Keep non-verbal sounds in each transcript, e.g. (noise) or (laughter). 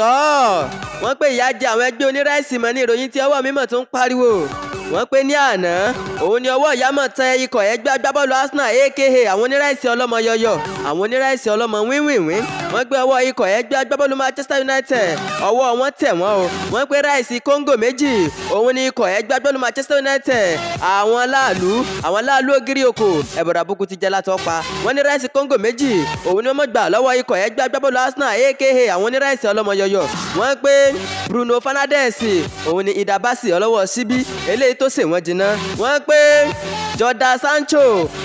tọ́ wọ́n pé ìyá jẹ àwọn ẹgbẹ́ oníráìsì mọ́ ní ìròyìn tí ọwọ́ mímọ̀ tó ń pariwo wọ́n pé ní àná òun ni ọwọ́ ìyámọ̀ tẹ ikọ̀ ẹgbẹ́ agbábọ́ọ̀lù Arsenal aka àwọn oníráìsì ọlọ́mọ yọyọ àwọn oníráìsì ọlọ́mọ wínwìnwín wọ́n gbé ọwọ́ ikọ̀ ẹgbẹ́ agbábọ́ọ̀lù Manchester United ọwọ́ wọn tẹ̀ wọ́n o wọ́n pé ráìsì Congo méjì òun ni ikọ̀ ẹgbẹ́ agbábọ́ọ̀lù Manchester United àwọn aláàlú àwọn aláàlú ògiri oko ẹ̀bọ̀rọ̀ àbùkù ti jẹ́ látọ̀ pa wọ́n ní ráìsì Congo méjì òun ni wọ́n gbà lọ́wọ́ ikọ̀ ẹgbẹ́ agbábọ́ọ̀lù Arsenal tó sè wọ́n jiná wọ́n pé Jordan Sancho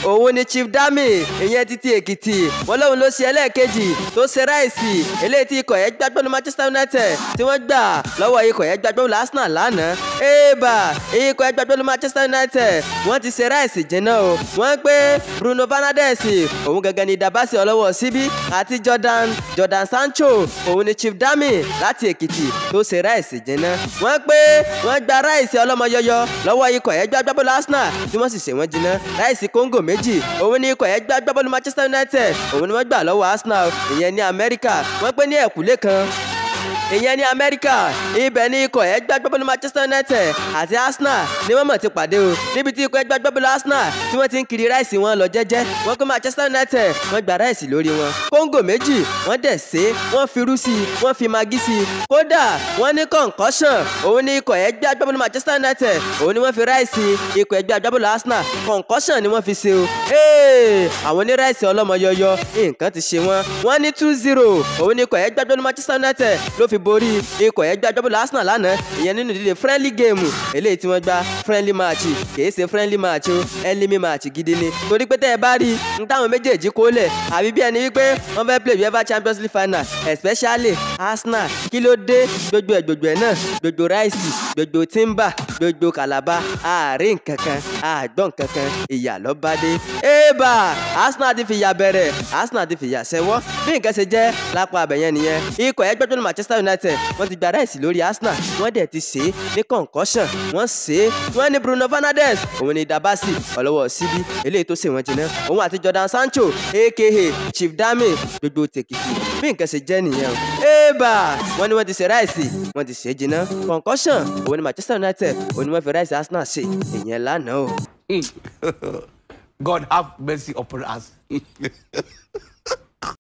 òun ni Chief Dami ìyẹn títí Èkìtì wọ́n lóun ló ṣe ẹlẹ́ẹ̀kejì tó ṣe ráìsì eléyìí tí ikọ̀ yẹn gbàgbọ́ ní Manchester United tí wọ́n gbà lọ́wọ́ ikọ̀ yẹn gbàgbọ́ ní Arsenal lánàá eba ikọ̀ yẹn gbàgbọ́ ní Manchester United wọ́n ti ṣe ráìsì jiná o wọ́n pé Bruno Fernandez, òun gẹ́gẹ́ ni dabasi ọlọ́wọ́ síbí àti Jordan Jordan Sancho òun ni Chief Dami láti Èkìtì tó ṣe ráìsì jiná wọ́n pé wọ́n gba ráìsì ọlọ́mọ yọyọ lọ́wọ́ ikọ̀ ẹgbẹ́ agbábọ́ọ̀lù Arsenal tí wọ́n sì ṣe wọ́n jiná láìsí kóńgò méjì òun ni ikọ̀ ẹgbẹ́ agbábọ́ọ̀lù Manchester United òun ni wọ́n gbà lọ́wọ́ Arsenal ìyẹn ní Amẹ́ríkà wọ́n pé ní ẹ̀kúlé kan ìyẹn ní amẹ́ríkà ibẹ̀ ní ikọ̀ ẹgbẹ́ agbábọ́ọ̀lù manchester united àti arsenal ni wọ́n mọ̀ ti pàdé o níbi tí ikọ̀ ẹgbẹ́ agbábọ́ọ̀lù arsenal tí wọ́n ti ń kiri ráìsì wọn lọ jẹ́jẹ́ wọ́n pé manchester united wọ́n gba ráìsì lórí wọn kóńgò méjì wọ́n dẹ̀ sé wọ́n fi irú sí i wọ́n fi magí sí i kódà wọ́n ní concussion òun ní ikọ̀ ẹgbẹ́ agbábọ́ọ̀lù manchester united òun ni wọ́n fi ráìsì ikọ̀ ẹgbẹ́ agbábọ́ọ̀lù arsenal concussion ni wọ́n fi ṣe o àwọn onírẹ̀sì ọlọ́mọ yọyọ nǹkan ti ṣe wọ́n wọ́n ní two zero òun ni ikọ̀ ẹgbẹ́ agbábọ́ọ̀lù Manchester United ló fi borí ikọ̀ ẹgbẹ́ agbábọ́ọ̀lù Arsenal lánàá ìyẹn nínú ìdíje friendly game eléyìí tí wọ́n gba friendly match kìí ṣe friendly match o enemy match gidi ni torí pé tẹ́ ẹ bá rí n táwọn méjèèjì kó lẹ̀ àbí bí ẹni wípé wọ́n fẹ́ play uefa champions league final especially arsenal kí ló dé gbogbo ẹ̀ gbogbo ẹ̀ náà gbogbo ráìsì gbogbo timber gbogbo Calabar àárín nkankan àgbọ̀n nkankan ìyà Eba. bá dé. ébà Arsenal ti fìyà bẹ̀rẹ̀ Arsenal ti fìyà sẹ́wọ́ bí nǹkan ṣe jẹ́ lápá abẹ̀yẹn nìyẹn ikọ̀ ẹgbẹ́ tó ní Manchester United wọ́n ti gba ráìsì lórí Arsenal wọ́n dẹ̀ ti ṣe é ní concussion wọ́n ṣe é wọ́n ní Bruno Fernandez. òun ni Dabasi ọlọ́wọ́ síbí eléyìí tó ṣe wọ́n jìnnà òun àti Jordan Sancho aka Chief Dami gbogbo tèkìtì bí nǹkan ṣe jẹ́ nìyẹn Eba. ébà wọ́n ní wọ́n ti ṣe ráìsì wọ́n ti ṣe é jìnnà concussion òun ni Manchester United onímọ̀ fẹ́ ráìsì Arsenal ṣe ìyẹn lánàá o. Hmm. (laughs) God have mercy upon us. (laughs)